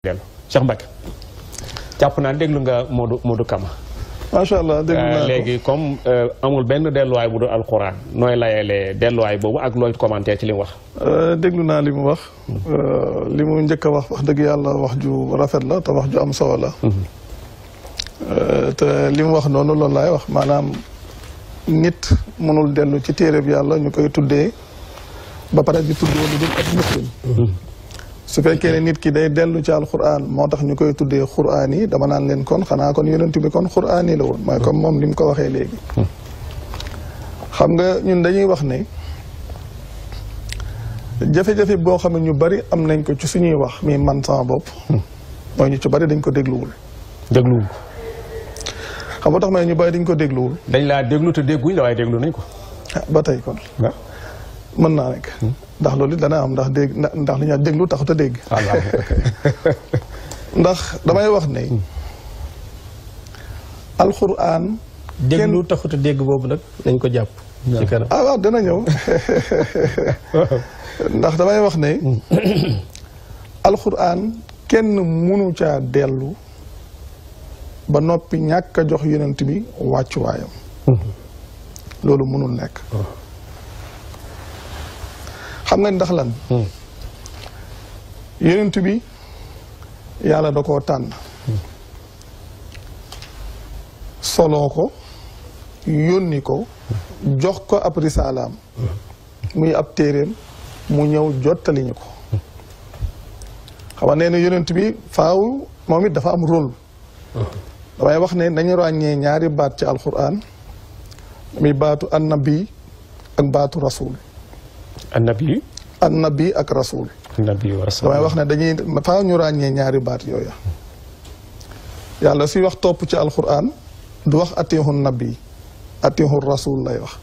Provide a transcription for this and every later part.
dellu Cheikh naa déglu nga Modou Modou Kama macha allah déglu euh, naa léegi comme euh, amul benn delluwaay bu dul alxuraan nooy layalee delluwaay boobu ak looy commenté ci li mu wax euh, déglu naa li mu wax li mu njëkk a wax wax dëgg yàlla wax ju rafet la te wax ju am solo la mhm. te li mu wax noonu loolu laay wax maanaam nit mënul dellu ci téereb yàlla ñu koy tuddee ba pare bi lu dul ak muslim mhm. su fekkee ne nit ki day dellu ci alquran moo tax ñu koy tuddee quraan yi dama naan leen kon xanaa kon yonent bi kon quraan yi la woon mooy comme moom li mu ko waxee léegi xam nga ñun dañuy wax ne jafe-jafe boo xam ne ñu bari am nañ ko ci suñuy wax mi man sama bopp ci bari dañ ko dégluwul dégluwul xam nga tax may ñu bari dañ ko dégluwul dañ laa déglu te dégguñ la déglu nañ ko ah, ba tey kon mën naa nekk. ndax loolu it dana am ndax dégg ndax li ñuy déglu taxut a dégg. ndax damay wax ne. Hmm. alxuraan. kenn déglu taxut dégg boobu nag dañ ko jàpp. Ah, dana ñëw ndax damay wax ne. Hmm. alxuraan kenn mënu caa dellu ba noppi ñàkk jox yonent bi wàccuwaayam. Hmm. loolu munul nekk. Oh. xam nañ ndax lan hmm. yonent bi yàlla da koo tànn hmm. soloo ko yónni ko jox ko ab risaalaam hmm. muy ab téeréem mu ñëw jottali ñu ko xam nga nee na yonent bi faaw moom it dafa am rol damay wax ne nañu ràññee ñaari baat ci alxuraan muy baatu annabi ak baatu rasul annabi ak rasul annabi wa rasul damay wax ne dañuy faa ñu ràññee ñaari baat yooya yàlla si wax topp ci alquran du wax atixu nabi atixu rasul lay wax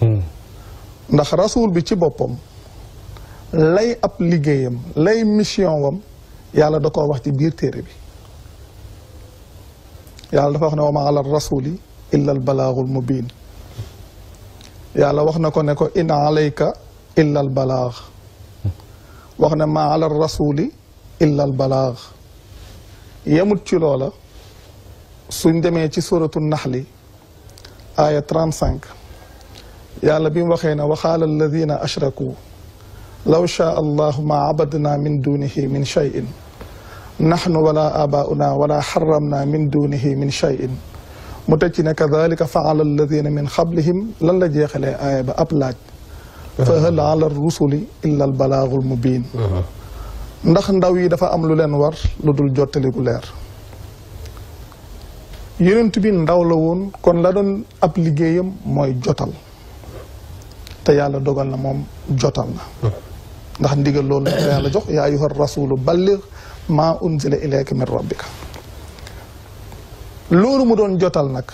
hmm. ndax rasul bi ci boppam lay ab liggéeyam lay mission wam yàlla da koo wax ci biir téere bi yàlla dafa wax ne wa ma ala rasuli illa al balaagul mubin yàlla wax na ko ne ko in alayka الا البلاغ واخنا ما على الرسول الا البلاغ يموت شي لولا سوني ديمي سي سوره النحل ايه 35 يا بيم وخينا وخال الذين اشركوا لو شاء الله ما عبدنا من دونه من شيء نحن ولا اباؤنا ولا حرمنا من دونه من شيء متجنا كذلك فعل الذين من قبلهم لن لا جيخلي ايه ابلاج fahal ala rusuli illa al balaagul mubin ndax ndaw yi dafa am lu leen war lu dul jottali bu leer yonent bi ndaw la woon kon la doon ab liggéeyam mooy jotal te yàlla dogal na moom jotal na ndax ndigal loolu la yàlla jox yaa ayyuha rasulu balligh maa unzila ilayka min rabbika loolu mu doon jotal nag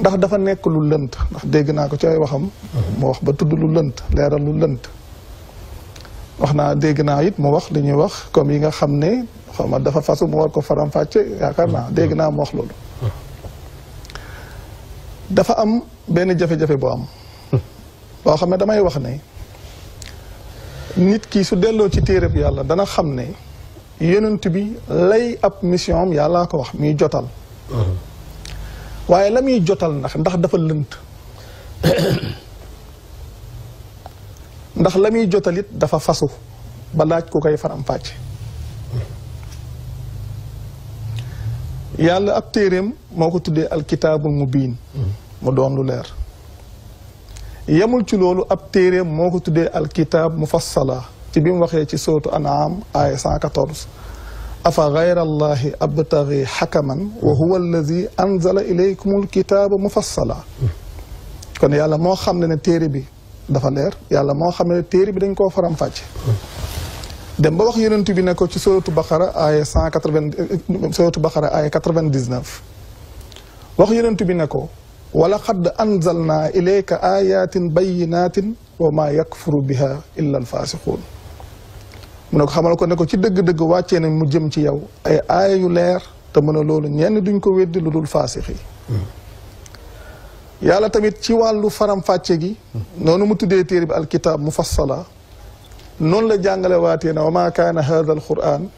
ndax dafa nekk lu lënt ndax dégg naa ko ci ay waxam. Mhm. mu wax ba tudd lu lënt leeral lu lënt. wax naa dégg naa it mu wax dañuy wax comme yi nga xam ne xaw ma dafa fasu mu war ko faram-fàcce yaakaar naa dégg naa mu wax loolu. dafa am benn jafe-jafe boo am. boo xam ne damay wax ne nit kii su delloo ci téereb yàlla dana xam ne yonent bi lay ab mission am yàllaa ko wax muy jotal. Mhm. waaye la muy jotal ndax ndax dafa lënt ndax la muy jotal it dafa fasu ba laaj ko koy faram-fàcce yàlla ab téeréem moo ko tuddee alkitaabul mubiin mu doon lu leer yemul ci loolu ab téeréem moo ko tuddee alkitaab fassala ci bi mu waxee ci sootu anaam aaya 114 أفغير الله أبتغي حكما وهو الذي أنزل إليكم الكتاب مفصلا كون يالا مو خامل نتيري بي دفا لير يالا مو خامل نتيري بي دنكو فرام فاجي دم بوخ يننتي بي نكو سورة بخرة آية 180 سورة بخرة آية 99 وخ يننتي بي نكو ولقد أنزلنا إليك آيات بينات وما يكفر بها إلا الفاسقون mu ne ko xamal ko ne ko ci deug deug wacce nañ mu jëm ci yaw ay aaya yu leer te mën a loolu ñenn duñ ko weddi lu dul yàlla tamit ci walu faram faram-fàcce gi nonu mu tuddé téere bi alkitaab mufassala non la jàngale waté na ma kana hadha alquran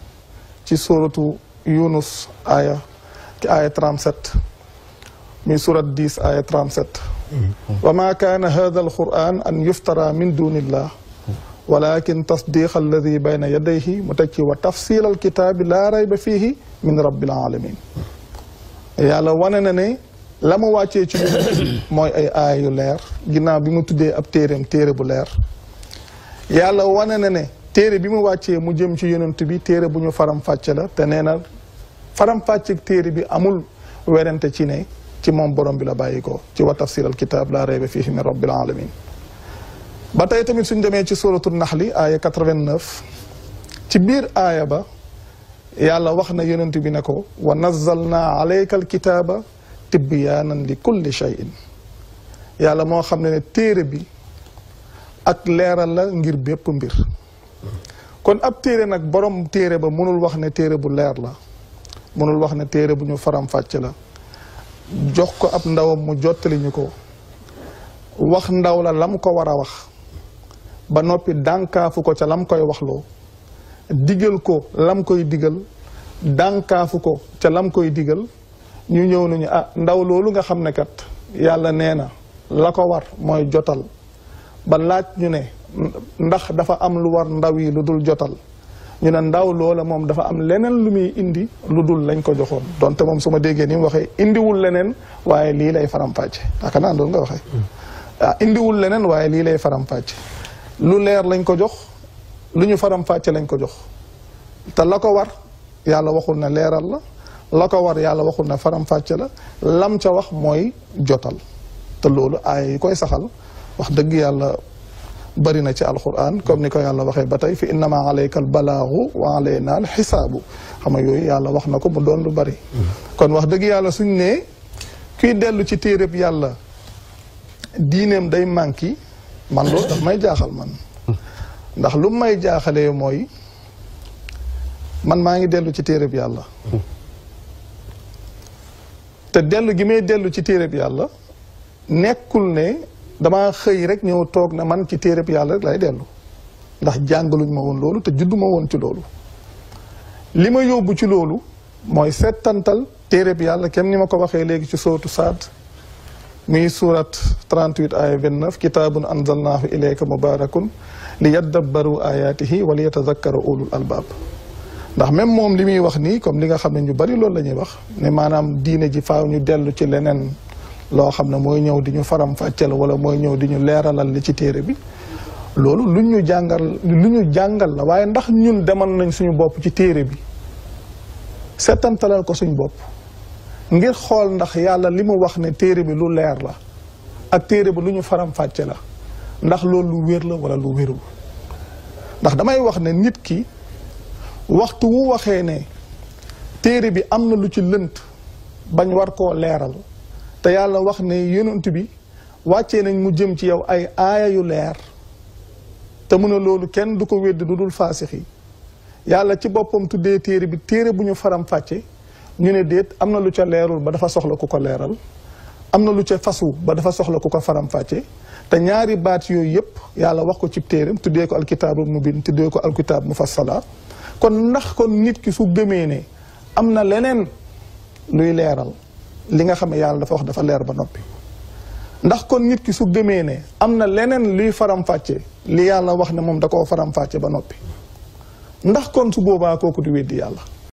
ci suratu yunus aya ci aya 37 muy surat 10 aaya 37 وما كان هذا القرآن أن يفترى من دون الله ولكن تصديق الذي بين يديه متكي وتفصيل الكتاب لا ريب فيه من رب العالمين يا لو وانني لما واتي موي اي اي لير جنا بيمو تودي اب تيرم تيري بو لير يا لو وانني تيري بيمو واتي مو جيم سي يونت بي تيري بو فرام فاتيا لا تنينا فرام فاتيك تيري بي امول ويرنتي تي ني تي موم بروم بي لا بايكو تي وتفصيل الكتاب لا ريب فيه من رب العالمين باتاي تاميت سون ديمي سي سوره النحل ايه 89 تي بير ايه با يالا واخنا يونتي بي نكو ونزلنا عليك الكتاب تبيانا لكل شيء يالا مو خامني تيري بي اك ليرال لا غير بيب مير كون اب تيري نك بوروم تيري با مونول واخ ني تيري بو لير لا مونول واخ ني تيري بو ني فرام فاتي لا جوخ كو اب نداوم مو جوتلي نيكو واخ نداو لام كو ورا واخ ba noppi dànkaafu ko ca lam koy waxloo digal ko lam koy digal dànkaafu ko ca lam koy digal ñu ñëw nañu ah ndaw loolu nga xam ne kat yàlla nee na la ko war mooy jotal ba laaj ñu ne ndax dafa am lu war ndaw yi lu dul jotal ñu ne ndaw loola moom dafa am leneen lu muy indi lu dul lañ ko joxoon donte moom su ma déggee ni waxee indiwul leneen waaye lii lay faram-fàcce yaakaar naa loolu nga waxee hmm. ah, indiwul leneen waaye lii lay faram-fàcce lu leer lañ ko jox lu ñu faram fàcce lañ ko jox te la ko war yàlla waxul na leeral la la ko war yàlla waxul na faram fàcce la lam ca wax mooy jotal te loolu aaya yi koy saxal wax dëgg yàlla bari na ci alquran comme ni ko yàlla waxee ba tey fi innama alayka albalaagu wa alayna alxisaabu xam nga yooyu yàlla wax na ko mu doon lu bari kon wax dëgg yàlla suñ ne kuy dellu ci téeréb yàlla diineem day manqué man loolu daf may jaaxal man ndax lu may jaaxalee mooy man maa ngi dellu ci téereb yàlla te dellu gi may dellu ci téereb yàlla nekkul ne dama xëy rek ñëw toog na man ci téereb yàlla rek lay dellu ndax jàngaluñ ma woon loolu te juddu ma woon ci loolu li ma yóbbu ci loolu mooy settantal téereb yàlla kem ni ma ko waxee léegi ci sootu saat muy سورة 38 آية 29 كتاب أنزلناه إليك مبارك ليدبروا آياته ayaatihi أولو الألباب ndax même mom li wax ni comme li nga xamné ñu bari loolu lañuy wax ne manam diine ji faaw ñu dellu ci lenen lo xamné moy ñëw di ñu faram faccel wala moy ñëw di ñu leeralal li ci téré bi loolu lu ñu jàngal lu ñu jàngal la waye ndax ñun demal nañ suñu bop ci téré bi setantalal ko suñu bop ngir xool ndax yàlla li mu wax ne téere bi lu leer la ak téere bi lu ñu faram-fàcce la ndax loolu lu wér la walla lu wérul ndax damay wax ne nit ki waxtu wu waxee ne téere bi am na lu ci lënt bañ war koo leeral te yàlla wax ne yonent bi wàcce nañ mu jëm ci yow ay aaya yu leer te mu ne loolu kenn du ko wedd du dul faasix yàlla ci boppam tuddee téere bi téere bu ñu faram-fàcce ñu ne déet am na lu ca leerul ba dafa soxla ku ko leeral am na lu ca fasu ba dafa soxla ku ko faramfàcce te ñaari baat yooyu yëpp yàlla wax ko ci téeram tuddee ko alkitaabul mubin tuddee ko alkitaab mufassala kon ndax kon nit ki su gëmee ne am na leneen luy leeral li nga xam yàlla dafa dafa leer ba noppi ndax kon nit ki su gëmee ne am na leneen luy faramfàcce li yàlla wax ne moom da koo faram ba noppi ndax kon su boobaa kooku di di yàlla